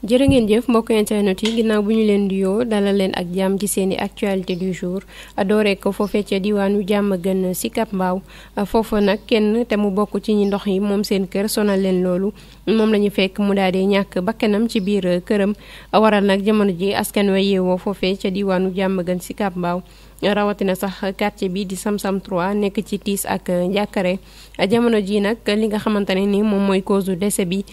jërë ngeen jëf mbokk internet yi ginnaaw bu ñu leen di yoo dalal leen ak jàmm ci seeni i actualité du jour dooree ko foofee ca diwaanu jàmm gën si Cap Mbaaw foofa nag kenn te mu bokk ci ñi ndox yi moom seen kër sonal leen loolu moom la ñu fekk mu daal di ñàkk bakkanam ci biir këram waral nag jamono ji askan wa yeewoo foofee ca diwaanu jàmm gën si Cap Mbaaw rawatina sax quartier bi di Samsam 3 nekk ci tiis ak njàkkare jamono ji nag li nga xamante ne ni moom mooy cause du dese bi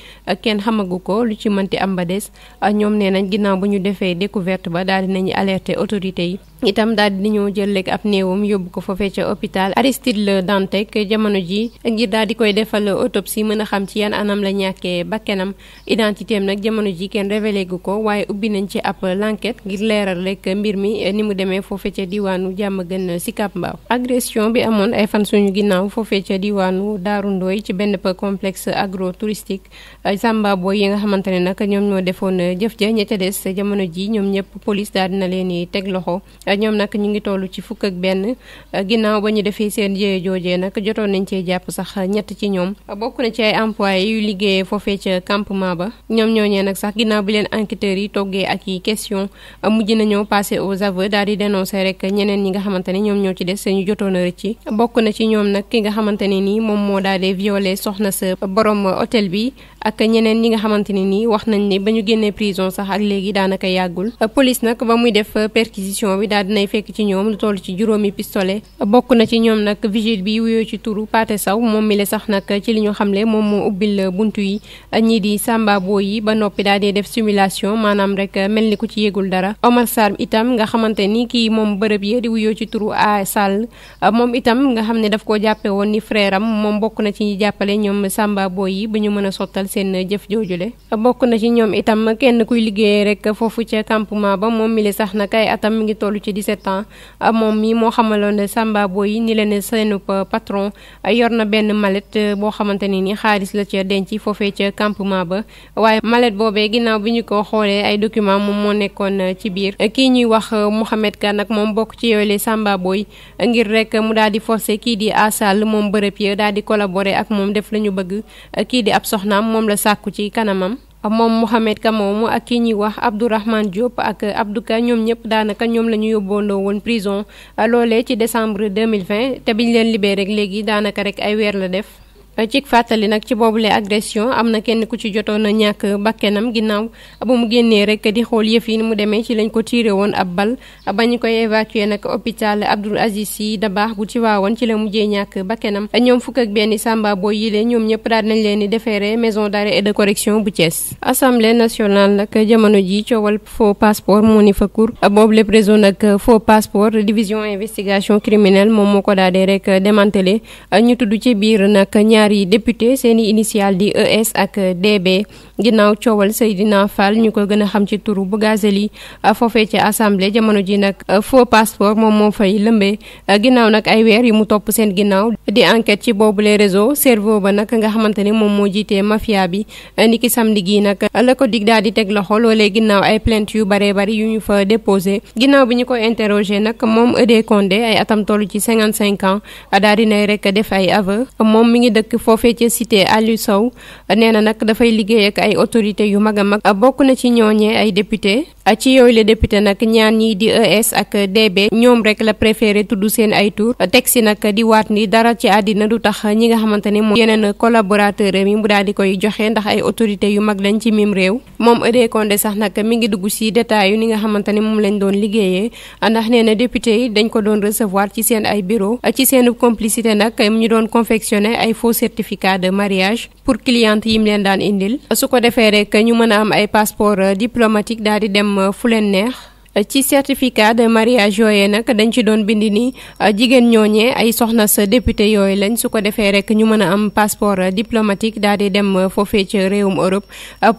kenn xamagu ko lu ci mënti am ba des ñoom nee nañ ginnaaw bu ñu defee découverte ba daal di nañu alerter autorité yi itam daal di ñoo jël léegi ab néewam yóbbu ko foofee ca hôpital Aristide la Dantec jamono ji ngir daal di koy defal autopsie mën a xam ci yan anam la ñàkkee bakkenam identité am nag jamono ji kenn révélé gu ko waaye ubbi nañ ci ab l'enquête ngir leeral rek mbir mi ni mu demee foofee ca diwaanu jàmm gën Sicap Mbao agression bi amoon ay fan suñu ginnaaw foofee ca diwaanu Daaru Ndooy ci benn complexe agro touristique Samba Boy yi nga xamante ne nag ñoom ñoo defoon jëf ja ña ca des jamono ji ñoom ñëpp police dina leen teg loxo ñoom nag ñu ngi tollu ci fukk ak benn ginnaaw ba ñu defee seen jëye joojee nag jotoon nañ cee jàpp sax ñett ci ñoom bokk na ci ay employé yu liggéeyee foofee ca campement ba ñoom ñooñee nag sax ginnaaw bi leen enquêteurs yi toggee ak yi question mujj nañoo passé aux aveux daal di dénoncer rek ñeneen ñi nga xamante ne ñoom ñoo ci des ñu jotoon a rëcc bokk na ci ñoom nag ki nga xamante ne nii moom moo daal di violé soxna sa borom hôtel bi ak ñeneen ñi nga xamante ne nii wax nañ ne ba ñu génnee prison sax ak léegi daanaka yàggul police nag ba muy def perquisition bi daal dinay fekk ci ñoom lu toll ci juróomi pistolet bokk na ci ñoom moom mi le sax nag ci li ñu di Samba Boy yi ba noppi daal di def simulation maanaam rek mel ni ku ci yégul dara Omar Sarr itam nga xamante ni kii moom bërëb yi di wuyoo ci turu A Sall moom itam nga xam ne daf koo jàppe woon ni frère moom bokk na ci ñi jàppale ñoom Samba Boy yi ñu mën a sottal seen jëf joojule bokk kenn kuy liggéeyee rek foofu ca campement ba moom mi le sax nag ay atam mi ngi toll ci set ans ah, moom mii moo xamaloon Samba Boy ni leen seen patron ah, yor na benn mallette ah, boo xamante ne ni xaalis la ca denc foofe ca campement ba waaye mallette boobee ginnaaw bi ñu ko xoolee ay document moom moo nekkoon ci biir kii ñuy wax Mouhamed Ka nag moom bokk ci yooyu Samba Boy ngir rek mu daal di forcé kii di Asal moom bërëb ya daal di collaborer ak moom def la ñu bëgg kii di ab soxnaam moom la sàkku ci kanamam moom Mohamed Ka moomu ak ki ñuy wax Abdourahmane Diop ak Abdou Ka ñoom ñëpp daanaka ñoom la ñu yóbboondoo woon prison loolee ci décembre 2020 te biñ leen libéré rek léegi daanaka rek ay weer la def ci fàttali nag ci boobu boobule agression am na kenn ku ci jotoon a ñàkk bakkenam ginnaaw ba mu génnee rek di xool yëf yi ni mu demee ci lañ ko tiire woon ab bal bañ koy évacuer nag hôpital Abdoul Aziz Sy baax bu Tivaouane ci la mujjee ñàkk bakkenam ñoom fukk ak benn samba boo yilee ñoom ñëpp daal nañ leen di déféré maison d'arrêt et de correction bu Thiès. assemblée nationale nag jamono ji coowal faux passeport moo ni fa kur boobu le président nag faux passeport division investigation criminelle moom moo ko daal di rek démantelé ci biir nag ñaari député seeni initial di ES ak DB ginnaaw coowal Seydina Fall ñu ko gën a xam ci turu Bougazelli foofee ci assemblée jamono ji nag faux moom moo fay lëmbee ginnaaw nag ay weer yi mu topp seen ginnaaw di enquête ci boobu les réseaux cerveau ba nak nga xamante ne moom moo jiitee mafia bi niki samedi gii nag la ko dig daal di teg loxo loolee ginnaaw ay plainte yu baree bari yu ñu fa déposé ginnaaw bi ñu ko interrogé nag moom Ede Condé ay atam toll ci 55 ans daal di nay rek def ay aveu moom mi ngi dëkk nekk foofee ca cité Aliou Sow nee na nag dafay liggéey ak ay autorités yu mag a mag bokk na ci ñooñee ay député ci yooyu la député nag ñaan ñii di ES ak DB ñoom rek la préféré tudd seen ay tour teg si nag di waat ni dara ci àddina du tax ñi nga xamante ne moom yeneen collaborateur yi mu daal di koy joxe ndax ay autorité yu mag lañ ci mim réew moom Audrey Condé sax nag mi ngi dugg si détails yu ni nga xamante ne moom lañ doon liggéeyee ndax nee na yi dañ ko doon recevoir ci seen ay bureau certificat de mariage pour cliente yim leen daan indil su ko defee rek ñu mën a am ay passeport euh, diplomatique daal di dem euh, fu leen neex euh, ci certificat de mariage yooyee nag dañ ci doon bind ni jigéen ñooñee ay soxna sa député yooyu lañ su ko defee rek ñu mën a am passeport diplomatique daal di dem foofee ci réewum Europe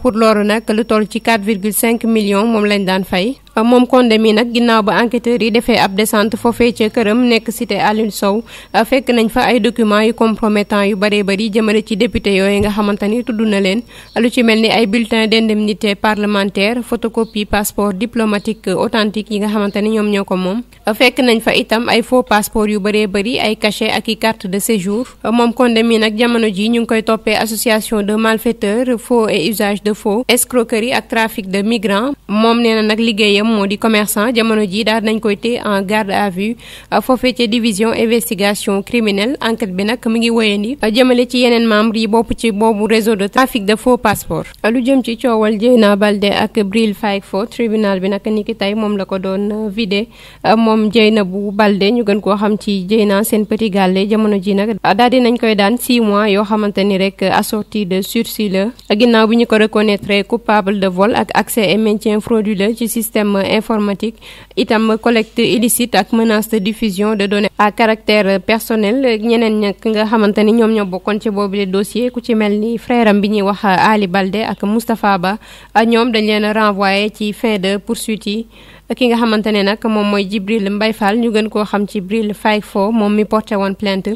pour loolu nag lu toll ci 4,5 millions moom lañ daan fay. moom Condé mi nag ginnaaw ba enquêteurs yi defee ab descente foofee ca këram nekk cité Alioune Sow euh, fekk nañ fa ay documents yu compromettants yu bëree bëri jëmale ci député yooyu nga xamante ni tudd na leen lu ci mel ni ay bulletins d'indemnité parlementaire photocopie passeport diplomatique euh, authentique yi nga xamante ni ñoom ñoo ko moom euh, fekk nañ fa itam ay faux passeport yu bëree bëri ay cachet ak i carte de séjour moom Condé mi nag jamono ji ñu ngi koy toppee association de malfaiteurs faux et usage de faux escroquerie ak trafic de migrants moom na nag moo di commerçant jamono ji daal nañ koy téye en garde à vue foofee ca division investigation criminelle enquête bi nag mu ngi wéyandi jëmale ci yeneen membre yi bopp ci boobu réseau de trafic de faux passeport lu jëm ci coowal Dieyna Baldé ak Bril Faye Faye tribunal bi nag ni ki tey moom la ko doon vidé moom Dieyna bu Baldé ñu gën koo xam ci Dieyna seen petit jamono ji nag daal nañ koy daan six mois yoo xamante rek assorti de sursis ma informatique itam collecte illicite ak menace de diffusion de données à caractère personnel ñeneen ñak nga xamante ni ñoom ñoo bokkoon ci boobu le dossier ku ci mel ni frère bi ñuy wax Ali Balde ak Moustapha Ba ñoom dañ leen renvoyé ci fin de poursuite yi ki nga xamante ne nag moom mooy Jibril Mbaye Fall ñu gën koo xam ci Bril Faye Fo moom mi porté woon plainte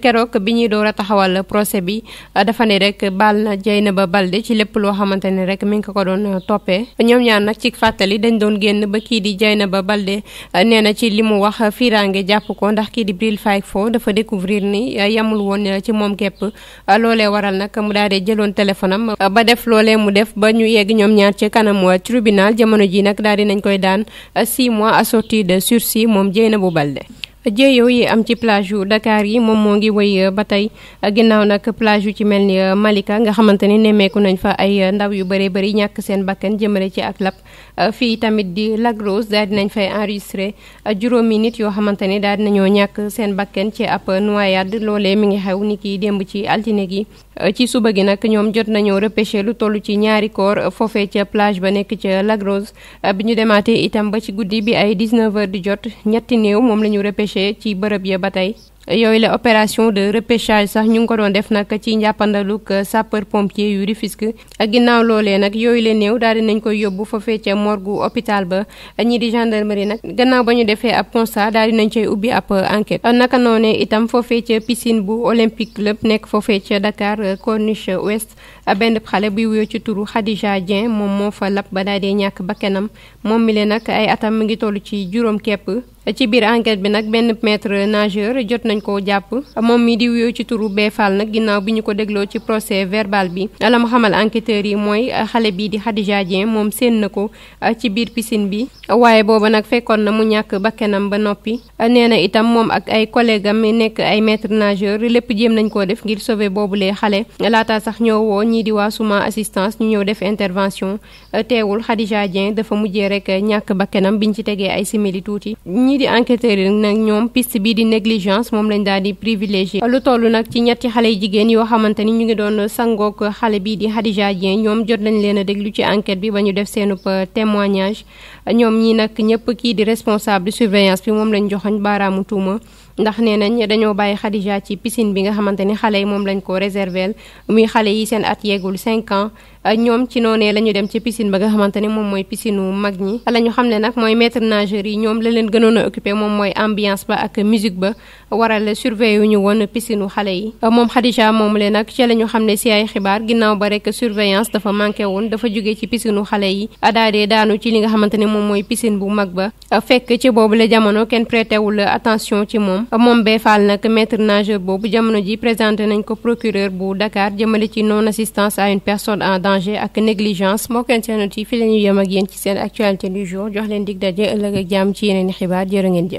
keroog bi ñuy door a taxawal procès bi dafa ne rek baal na na ba Balde ci lépp loo xamante ne rek mi ngi ko ko doon toppee ñoom ñaar nag ci fàttali dañ doon génn ba kii di Dieynaba Balde nee na ci li mu wax fiiraange jàpp ko ndax kii di Bril Fayfo dafa découvrir ni yamul woon ci moom képp loole waral nag mu daal di jëloon téléphone am ba def loole mu def ba ñu yegg ñoom ñaar ci kanam tribunal jamono ji nag daal dinañ koy daan six mois assorti de sursis moom na Dieynaba Balde yow yi am ci plage yu dakaar yi moom moo ngi woy euh, ba tey ginnaaw nag plage yu ci mel ni euh, Malika nga xamante ni nemmeeku nañ fa ay euh, ndaw yu bëree bëri ñàkk seen bakkan jëmale ci ak lap Euh, fii tamit di Lagros daal nañ fay enregistré euh, juróomi nit yoo xamante ne daal dinañoo ñàkk seen bakken ci ab noyade loolee mi ngi xew ni kiy démb ci altine gi euh, ci suba gi nag ñoom jot nañoo repêché lu toll ci ñaari koor foofee ca plage ba nekk ca Lagros bi ñu demaatee itam ba ci guddi bi ay 19 heures di jot ñetti néew moom la ñu repêché ci bërëb ya ba tey yooyu la opération de repechage sax ñu ngi ko doon def nag ci njàppandaluk sapeur pompier yu Rufisque ginnaaw loolee nag yooyu la néew daal di nañ koy yóbbu foofee ca morgu hôpital ba ñii di gendarmerie nag gannaaw ba ñu defee ab constat daal di nañ cay ubbi ab enquête naka noonee itam foofee ca piscine bu olympique club nekk foofee ca Dakar corniche ouest benn xale buy wuyoo ci turu Khadija Dieng moom moo fa lab ba daal di ñàkk bakkanam moom mi leen nag ay atam mi ngi toll ci juróom kepp ci biir enquête bi nag benn maître nageur jot nañ ko jàpp moom mi di wuyoo ci turu Beefal nag ginnaaw bi ñu ko dégloo ci procès verbal bi la mu xamal enquêteurs yi mooy xale bii di Khadija Dieng moom séen na ko ci biir piscine bi waaye booba nag fekkoon na mu ñàkk bakkanam ba noppi nee na itam moom ak ay collègue am nekk ay maître nageur lépp jéem nañ koo def ngir sauver boobulee xale laata sax ñoo woo ñii di waa suma assistance ñu ñëw def intervention teewul Khadija Dieng dafa mujjee rek ñàkk bakkanam biñ ci tegee ay simili tuuti ñii di enquêteurs yi nag ñoom piste bii di négligence moom lañ daal di privilégié lu toll nag ci ñetti xale jigéen yoo xamante ni ñu ngi doon sangook xale bii di Khadija Dieng ñoom jot nañ leen a déglu ci enquête bi ba ñu def seenub euh, témoignage ñoom ñii nag ñëpp kii di responsable de surveillance bi moom lañ joxoñ baaraamu tuuma ndax nee nañ dañoo bàyyi Khadija ci piscine bi nga xamante ni xale yi moom lañ ko réserver muy xale yi seen at yeegul cinq ans ñoom ci noonee la ñu dem ci piscine ba nga xamante ni moom mooy piscine wu mag ñi. la xam ne nag mooy maître yi ñoom la leen gënoon a occupé mooy ambiance ba ak musique ba waral surveiller wu ñu woon piscine wu xale yi. moom Khadija moom le nag ci la ñu xam ne si ay xibaar ginnaaw ba rek surveillance woon dafa jóge ci piscine xale yi daal daanu ci li nga xamante ni moom mooy piscine bu mag ba fekk ci boobu la jamono kenn prêté wul attention ci moom. moom Beye Fall nag maître nageur boobu jamono ji présenté nañ ko procureur bu Dakar jëmale ci non assistance à une personne en danger ak négligence mbokk internet yi fi la ñuy yem ak yéen ci seen actualité du jour jox leen dig daje ëllëg ak jàmm ci yeneen xibaar jërë ngeen jëf.